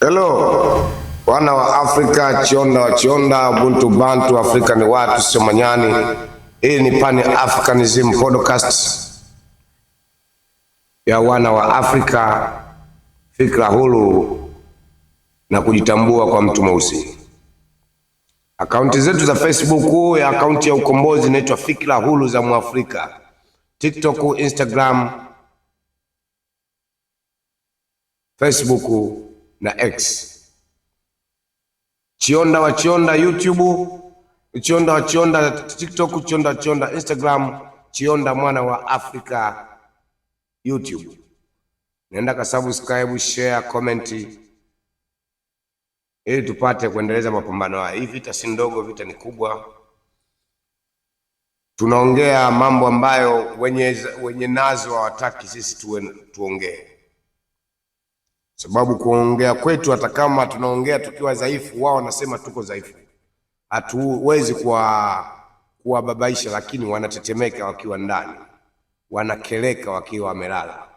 Hello wana wa Afrika, chionda wa chionda, buntu bantu, Afrika ni watu sio manyani. Hii ni Pan Africanism podcast ya wana wa Afrika, fikra huru na kujitambua kwa mtu mweusi. Akaunti zetu za Facebook ya akaunti ya ukombozi inaitwa fikra huru za Mwafrika, TikTok, Instagram, Facebook na X. Chionda wa Chionda YouTube, Chionda wa Chionda TikTok, Chionda wa Chionda Instagram, Chionda mwana wa Afrika YouTube. Naenda ka subscribe, share, comment ili tupate kuendeleza mapambano haya. Hii vita si ndogo, vita ni kubwa. Tunaongea mambo ambayo wenye, wenye nazo hawataki sisi tuongee sababu kuongea kwetu, hata kama tunaongea tukiwa dhaifu, wao wanasema tuko dhaifu, hatuwezi kuwababaisha, lakini wanatetemeka wakiwa ndani, wanakeleka wakiwa wamelala,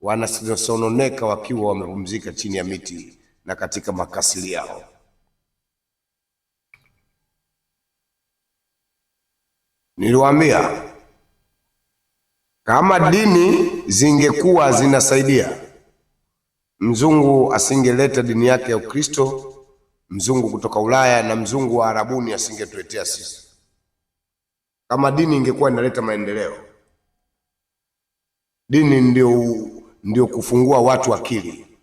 wanasononeka wakiwa wamepumzika chini ya miti na katika makasili yao. Niliwaambia kama dini zingekuwa zinasaidia Mzungu asingeleta dini yake ya Ukristo, mzungu kutoka Ulaya na mzungu wa Arabuni asingetuletea sisi. Kama dini ingekuwa inaleta maendeleo, dini ndio, ndio kufungua watu akili,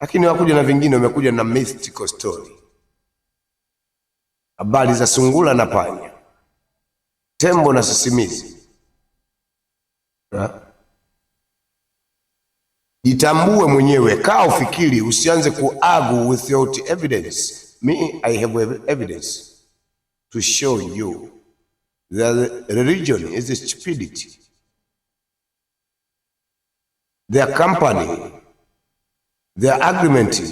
lakini wakuja na vingine, wamekuja na mystical story, habari za sungula na panya, tembo na sisimizi ha? Jitambue mwenyewe, kaa ufikiri, usianze kuargue without evidence. Me, I have evidence to show you that religion is a stupidity. Their company, their agreement,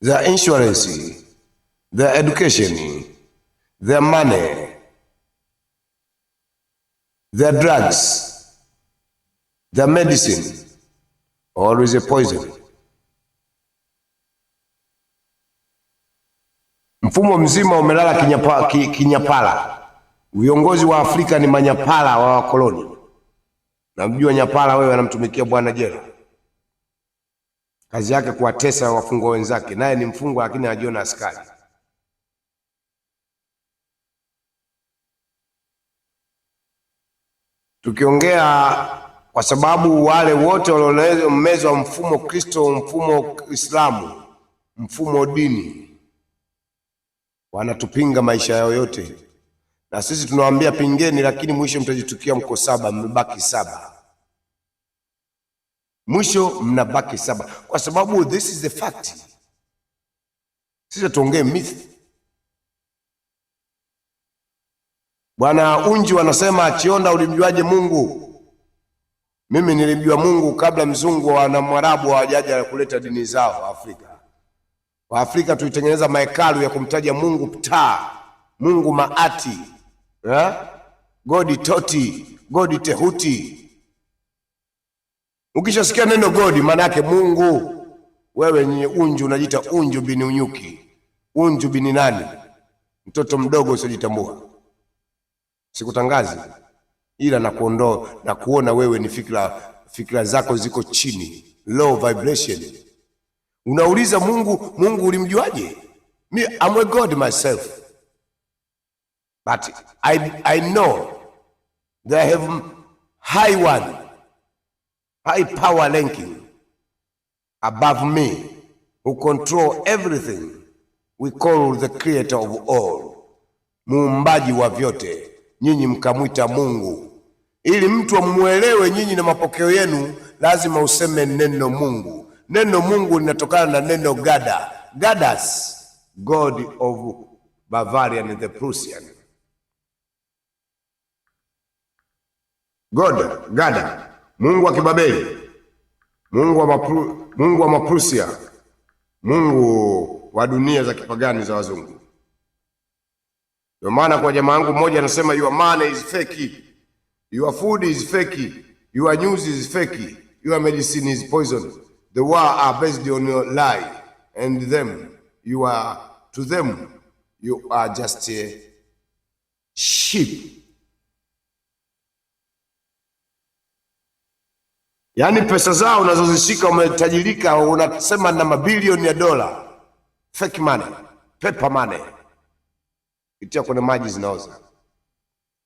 their insurance, their education, their money, their drugs, their medicine Always a poison. Mfumo mzima umelala kinyapa, kinyapala. Viongozi wa Afrika ni manyapala wa wakoloni. Namjua nyapala wewe, anamtumikia bwana jela, kazi yake kuwatesa wafungwa wenzake, naye ni mfungwa lakini anajiona askari. Tukiongea kwa sababu wale wote waliomezwa mfumo Kristo, mfumo Islamu, mfumo dini, wanatupinga maisha yao yote, na sisi tunawaambia pingeni, lakini mwisho mtajitukia mko saba, mmebaki saba, mwisho mnabaki saba, kwa sababu this is the fact. Sisi tuongee myth. Bwana Unji wanasema, Chionda, ulimjuaje Mungu? Mimi nilimjua Mungu kabla mzungu na mwarabu hawajaja kuleta dini zao Afrika. Waafrika tulitengeneza mahekalu ya kumtaja Mungu Ptah, Mungu Maati, ha? Godi Toti, Godi Tehuti. Ukishasikia neno godi, maana yake Mungu. Wewe nye unju unajiita unju bini unyuki, unju bini nani, mtoto mdogo usiojitambua. Sikutangazi ila na kuondoa na kuona wewe ni fikra, fikra zako ziko chini, low vibration. Unauliza Mungu, Mungu ulimjuaje? Me, I'm a God myself but I, I know that I have high one high power ranking above me who control everything we call the creator of all, muumbaji wa vyote. Nyinyi mkamwita Mungu. Ili mtu amuelewe nyinyi na mapokeo yenu, lazima useme neno Mungu. Neno Mungu linatokana na neno gada, gadas, god of Bavarian and the Prussian. God, gada, mungu wa Kibabeli, mungu wa Mapru, mungu wa Maprusia, mungu wa dunia za kipagani za wazungu. Ndio maana kwa jamaa yangu mmoja anasema your money is fake Your food is fake. Your news is fake. Your medicine is poison. The war are based on your lie. And them, you are, to them, you are just a sheep. Yaani pesa zao unazozishika umetajirika, unasema na mabilioni ya dola. Fake money, paper money. Itia kwenye maji zinaoza.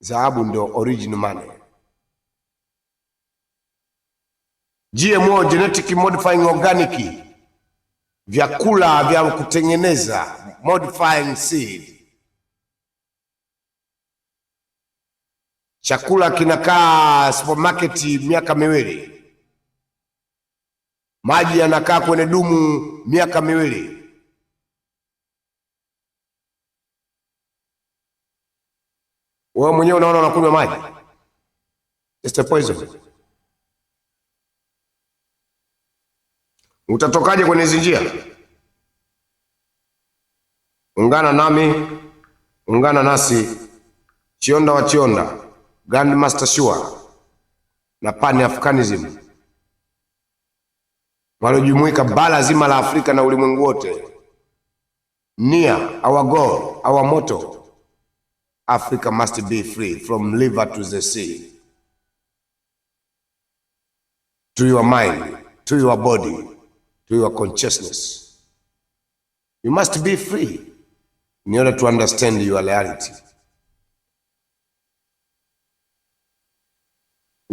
Dhahabu ndo original money. GMO, genetic modifying organic, vyakula vya kutengeneza modifying seed. Chakula kinakaa supermarket miaka miwili, maji yanakaa kwenye dumu miaka miwili. Wewe mwenyewe unaona unakunywa maji, it's a poison. Utatokaje kwenye hizi njia? Ungana nami, ungana nasi, Chionda wa Chionda, Grandmaster Shua na Pan Africanism walojumuika bara zima la Afrika na ulimwengu wote. Nia, our goal, our motto, Africa must be free from liver to the sea. To your mind, to your body to your consciousness. You must be free in order to understand your reality.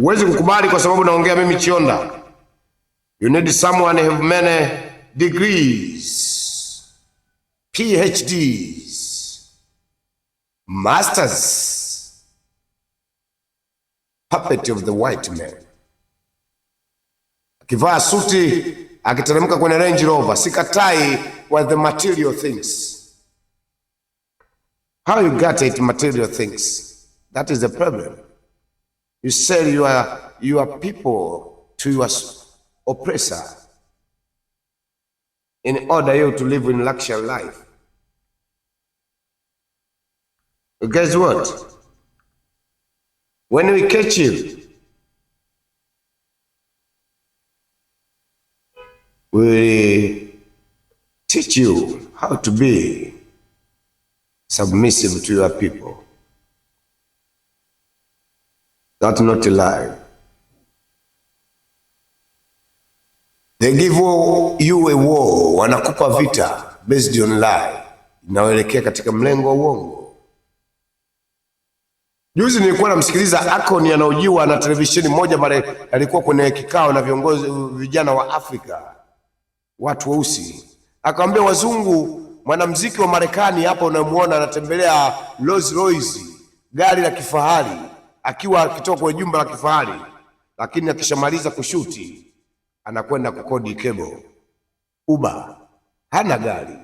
Huwezi kukubali kwa sababu naongea mimi Chionda. You need someone have many degrees, PhDs, masters, puppet of the white man. Akivaa suti akiteremka kwenye Range Rover. Sikatai with the material things. How you got it material things? That is the problem. You sell your, your people to your oppressor in order you to live in luxury life. Guess what? When we catch you, will teach you how to be submissive to your people. That's not a lie. They give you a war, wanakupa vita based on lie, inaelekea katika mlengo wa uongo. Juzi nilikuwa namsikiliza Akon anaojiwa na televisheni moja, mara alikuwa kwenye kikao na viongozi vijana wa Afrika watu weusi. Akamwambia wazungu, mwanamuziki wa Marekani hapa unamuona anatembelea Rolls Royce, gari la kifahari, akiwa akitoka kwenye jumba la kifahari, lakini akishamaliza kushuti anakwenda kukodi kebo uba, hana gari.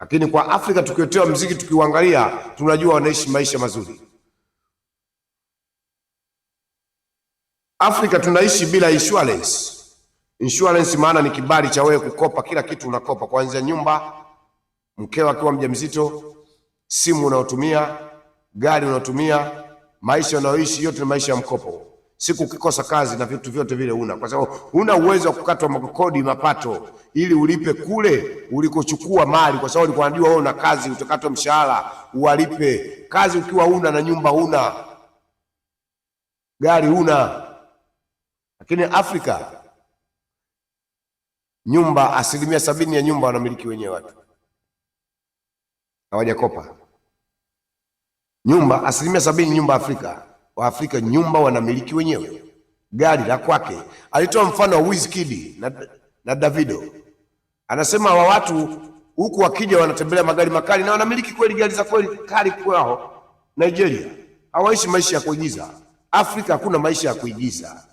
Lakini kwa Afrika tukiotea mziki, tukiuangalia tunajua wanaishi maisha mazuri. Afrika tunaishi bila insurance Insurance maana ni kibali cha wewe kukopa, kila kitu unakopa, kuanzia nyumba, mkeo akiwa mjamzito, simu unayotumia, gari unayotumia, maisha unayoishi, yote ni maisha ya mkopo. Siku ukikosa kazi na vitu vyote vile una, kwa sababu huna uwezo wa kukatwa makodi mapato ili ulipe kule ulikochukua mali, kwa sababu ulikuwa unajua wewe una kazi, utakatwa mshahara uwalipe. Kazi ukiwa una na nyumba una gari una lakini Afrika nyumba, asilimia sabini ya nyumba wanamiliki wenyewe watu, hawajakopa nyumba. Asilimia sabini nyumba Afrika, Waafrika nyumba wanamiliki wenyewe, gari la kwake. Alitoa mfano wa Wizkid na, na Davido, anasema wa watu huku wakija wanatembelea magari makali na wanamiliki kweli gari za kweli kali kwao. Nigeria hawaishi maisha ya kuigiza. Afrika hakuna maisha ya kuigiza.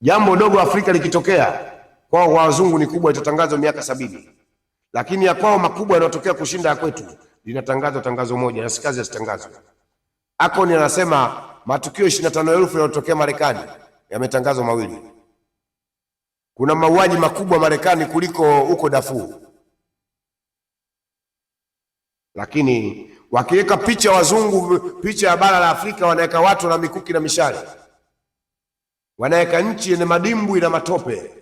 Jambo dogo Afrika likitokea kwao, kwa wazungu ni kubwa, itatangazwa miaka sabini, lakini ya kwao makubwa yanayotokea kushinda ya kwetu linatangazwa tangazo moja na sikazi yasitangazwe. Akoni anasema matukio ishirini na tano elfu yanayotokea Marekani yametangazwa mawili. Kuna mauaji makubwa Marekani kuliko huko Darfur, lakini wakiweka picha wazungu, picha ya bara la Afrika wanaweka watu na mikuki na mishale wanaweka nchi yenye madimbwi na matope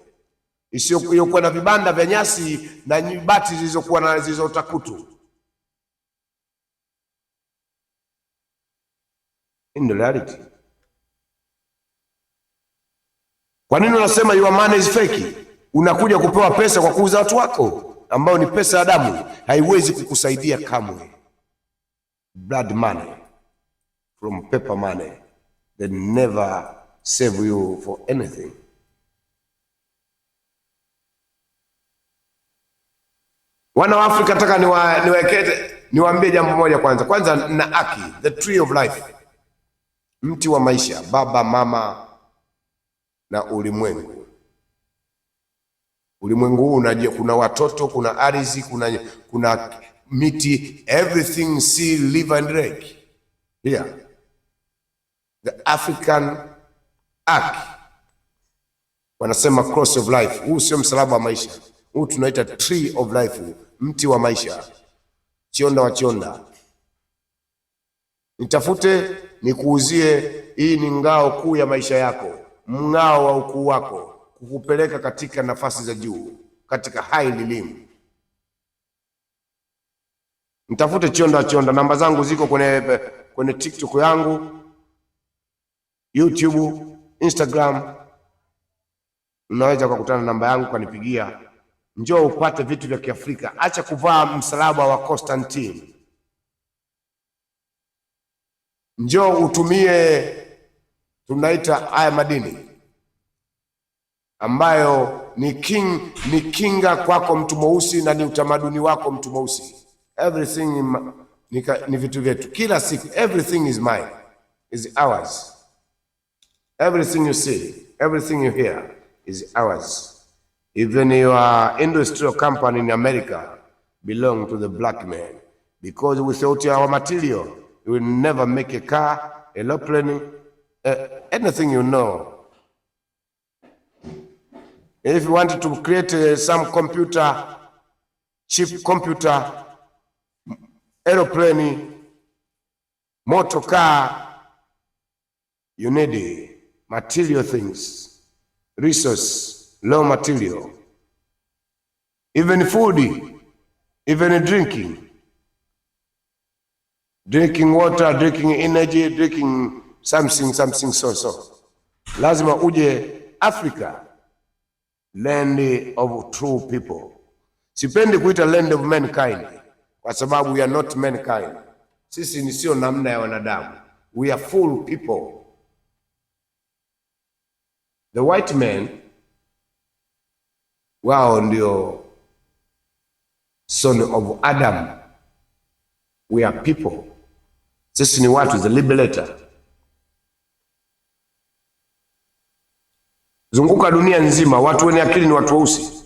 isiyokuwa na vibanda vya nyasi na nyibati zilizokuwa na zilizotakutu. In reality, kwa nini unasema your money is fake? Unakuja kupewa pesa kwa kuuza watu wako, ambao ni pesa ya damu, haiwezi kukusaidia kamwe. Blood money from paper money that never save you for anything. Wana wa Afrika, nataka niwaelekeze, niwaambie jambo moja kwanza. Kwanza na aki, the tree of life, mti wa maisha, baba, mama na ulimwengu. Ulimwengu huu unajua, kuna watoto, kuna ardhi, kuna, kuna miti, everything see live and rake here the African haki. Wanasema cross of life. Huu sio msalaba wa maisha, huu tunaita tree of life, mti wa maisha. Chionda wa chionda, nitafute nikuuzie. Hii ni ngao kuu ya maisha yako, mng'ao wa ukuu wako, kukupeleka katika nafasi za juu, katika high elimu. Nitafute chionda wa chionda. Namba zangu ziko kwenye kwenye TikTok yangu, YouTube Instagram unaweza kukutana namba yangu kanipigia, njoo upate vitu vya Kiafrika. Acha kuvaa msalaba wa Constantine, njoo utumie tunaita haya madini ambayo ni king, ni kinga kwako mtu mweusi na ni utamaduni wako mtu mweusi. Everything ni vitu vyetu kila siku, everything is mine, is ours. Everything you see, everything you hear is ours. Even your industrial company in America belong to the black man because without our material, you will never make a car, a airplane, uh, anything you know. If you want to create uh, some computer, cheap computer, aeroplane, motor car, you need it. material things, resource, low material, even food, even drinking, drinking water, drinking energy, drinking something, something so so. Lazima uje Africa, land of true people. Sipendi kuita land of mankind kwa sababu we are not mankind. Sisi ni sio namna ya wanadamu, we are full people The white men wao ndio son of Adam, we are people, sisi ni watu, the liberator. Zunguka dunia nzima, watu wenye akili ni watu weusi,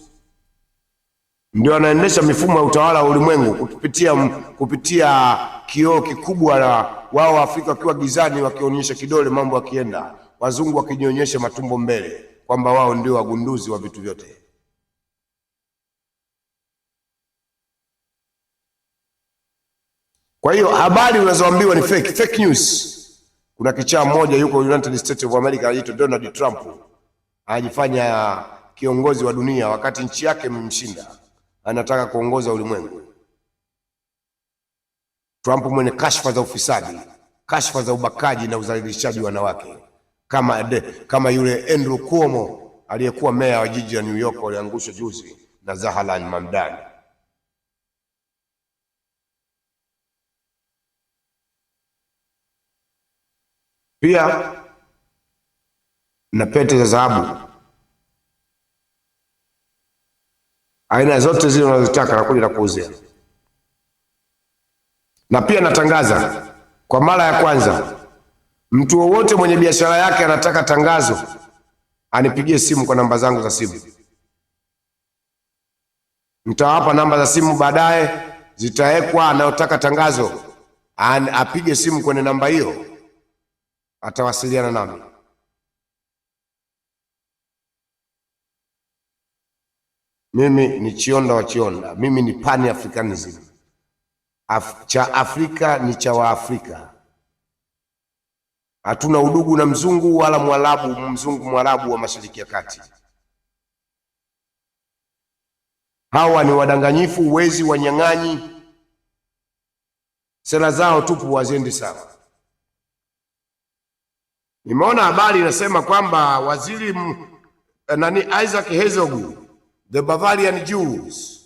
ndio wanaendesha mifumo ya utawala wa ulimwengu kupitia kupitia kioo kikubwa, na wao Waafrika wakiwa gizani, wakionyesha kidole mambo yakienda wazungu wakijionyesha matumbo mbele kwamba wao ndio wagunduzi wa vitu vyote. Kwa hiyo habari unazoambiwa ni fake, fake news. Kuna kichaa mmoja yuko United States of America anaitwa Donald Trump anajifanya kiongozi wa dunia wakati nchi yake mmshinda, anataka kuongoza ulimwengu. Trump mwenye kashfa za ufisadi, kashfa za ubakaji na udhalilishaji wanawake kama, de, kama yule Andrew Cuomo aliyekuwa meya wa jiji la New York aliangushwa juzi na Zahalan Mamdani. Pia na pete za dhahabu aina zote zile unazotaka nakuja na kuuzia, na pia natangaza kwa mara ya kwanza Mtu wowote mwenye biashara yake anataka tangazo, anipigie simu kwa namba zangu za simu. Nitawapa namba za simu baadaye, zitawekwa. Anayotaka tangazo An, apige simu kwenye namba hiyo, atawasiliana nami. Mimi ni Chionda wa Chionda, mimi ni Pan Africanism. Af, cha Afrika ni cha Waafrika. Hatuna udugu na mzungu wala mwarabu, mzungu mwarabu wa mashariki ya kati. Hawa ni wadanganyifu, wezi, wanyang'anyi. Sera zao tupu waziendi sawa. Nimeona habari inasema kwamba waziri eh, nani Isaac Herzog, the Bavarian Jews,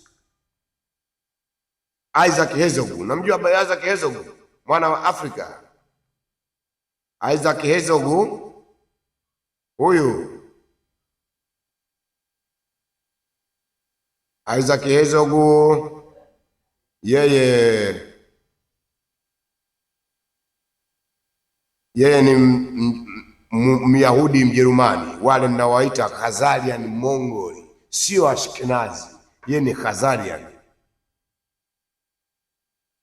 Isaac Herzog, namjua Isaac Herzog, mwana wa Afrika Isaac Herzog huyu Isaac Herzog yeye yeye ni Myahudi Mjerumani, wale mnawaita Khazarian Mongoli, sio Ashkenazi, yeye ni Khazarian,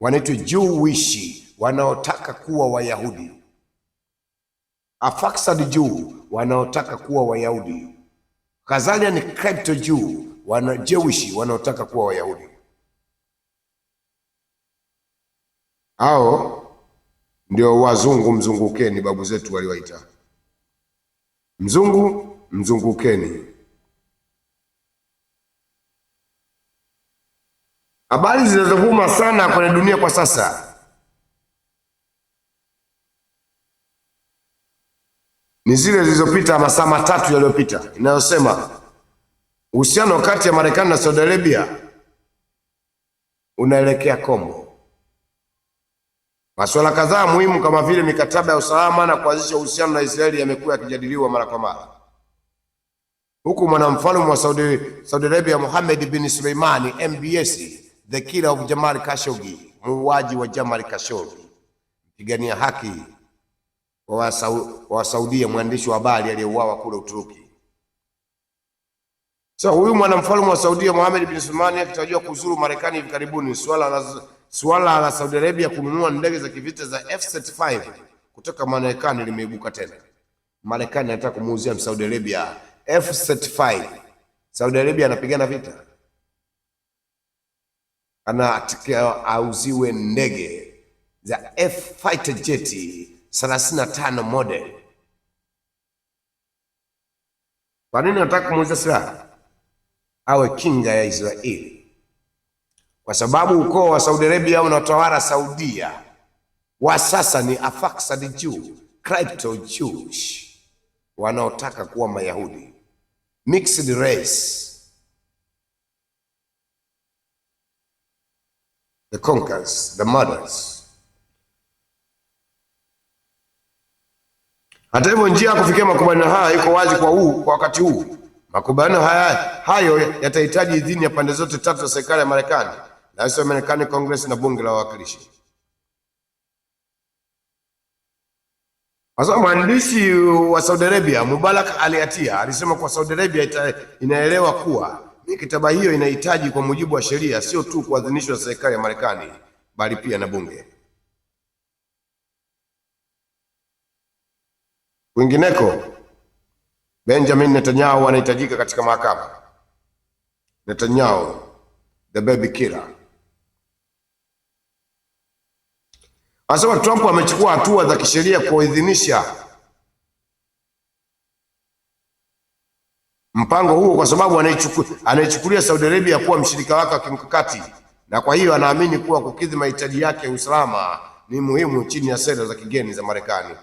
wanaitwa Jewish, wanaotaka kuwa Wayahudi. Afaksad juu wanaotaka kuwa Wayahudi, Kazalia ni Kripto juu wana Jewishi wanaotaka kuwa Wayahudi. Hao ndio wazungu, mzungukeni, babu zetu waliwaita mzungu, mzungukeni. Habari zinazovuma sana kwenye dunia kwa sasa ni zile zilizopita masaa matatu yaliyopita, inayosema uhusiano kati ya Marekani na Saudi Arabia unaelekea kombo. Masuala kadhaa muhimu kama vile mikataba ya usalama na kuanzisha uhusiano na Israeli yamekuwa yakijadiliwa mara kwa mara, huku mwanamfalme wa Saudi, Saudi Arabia Mohammed bin Suleimani MBS, the killer of Jamal Khashoggi, muuaji wa Jamal Khashoggi, mpigania haki wa Saudia, mwandishi wa habari aliyeuawa kule Uturuki. Sasa so, huyu mwanamfalme wa Saudia Mohammed bin Salman akitarajiwa kuzuru Marekani hivi karibuni, swala la swala la Saudi Arabia kununua ndege za kivita za F35 kutoka Marekani limeibuka tena. Marekani anataka kumuuzia Saudi Arabia F35. Saudi Arabia anapigana vita, anataka auziwe ndege za F fighter jeti 35 model. Kwa nini nataka kumuuliza silaha? Awe kinga ya Israeli, kwa sababu ukoo wa Saudi Arabia unaotawala Saudia wa sasa ni Afaksad Jew, Crypto Jewish wanaotaka kuwa Mayahudi, mixed race, the conquerors, the murders Hata hivyo, njia ya kufikia makubaliano haya iko wazi kwa huu kwa wakati huu. Makubaliano haya hayo yatahitaji idhini ya pande zote tatu za serikali ya Marekani, rais wa Marekani, Congress na bunge la wawakilishi. Sasa mwandishi wa Saudi Arabia Mubarak Aliatia alisema kuwa Saudi Arabia ita, inaelewa kuwa mikataba hiyo inahitaji kwa mujibu wa sheria sio tu kuidhinishwa na serikali ya Marekani bali pia na bunge. Kwingineko, Benjamin Netanyahu anahitajika katika mahakama. Netanyahu the baby killer. Anasema Trump amechukua hatua za kisheria kuidhinisha mpango huo kwa sababu anaichukulia Saudi Arabia kuwa mshirika wake wa kimkakati, na kwa hiyo anaamini kuwa kukidhi mahitaji yake ya usalama ni muhimu chini ya sera za kigeni za Marekani.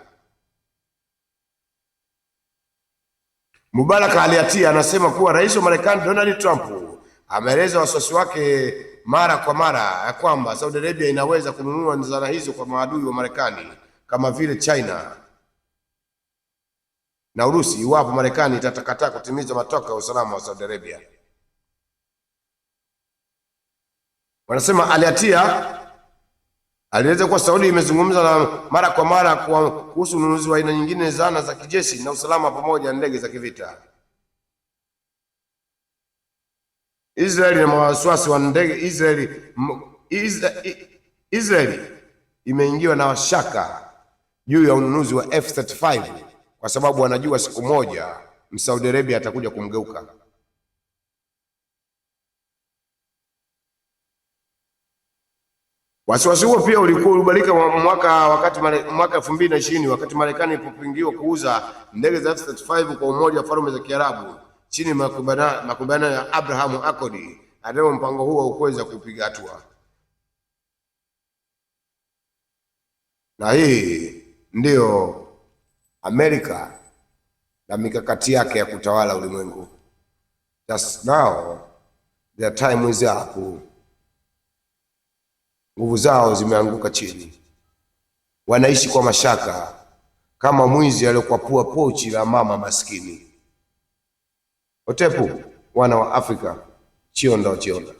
Mubarak aliatia anasema kuwa rais wa Marekani Donald Trump ameeleza wasiwasi wake mara kwa mara ya kwamba Saudi Arabia inaweza kununua zana hizo kwa maadui wa Marekani kama vile China na Urusi iwapo Marekani itatakataa kutimiza matoka ya usalama wa Saudi Arabia. Wanasema aliatia Alieleza kuwa Saudi imezungumza na mara kwa mara kuhusu ununuzi wa aina nyingine zana za kijeshi na usalama pamoja na ndege za kivita. Israeli na mawasiwasi wa ndege. Israeli Israeli imeingiwa na washaka juu ya ununuzi wa F35 kwa sababu wanajua siku moja Msaudi Arabia atakuja kumgeuka. Wasiwasi huo pia ulikuwa ulibalika mwaka wakati mwaka 2020 wakati Marekani ilipopingiwa kuuza ndege za F-35 kwa Umoja wa Falme za Kiarabu chini makubaliano ya Abraham Accord. Hata mpango huo haukuweza kupiga hatua, na hii ndiyo Amerika na mikakati yake ya kutawala ulimwengu. Just now their time is up nguvu zao zimeanguka chini, wanaishi kwa mashaka kama mwizi aliyokwapua pochi la mama maskini. Otepu, wana wa Afrika, chionda chionda.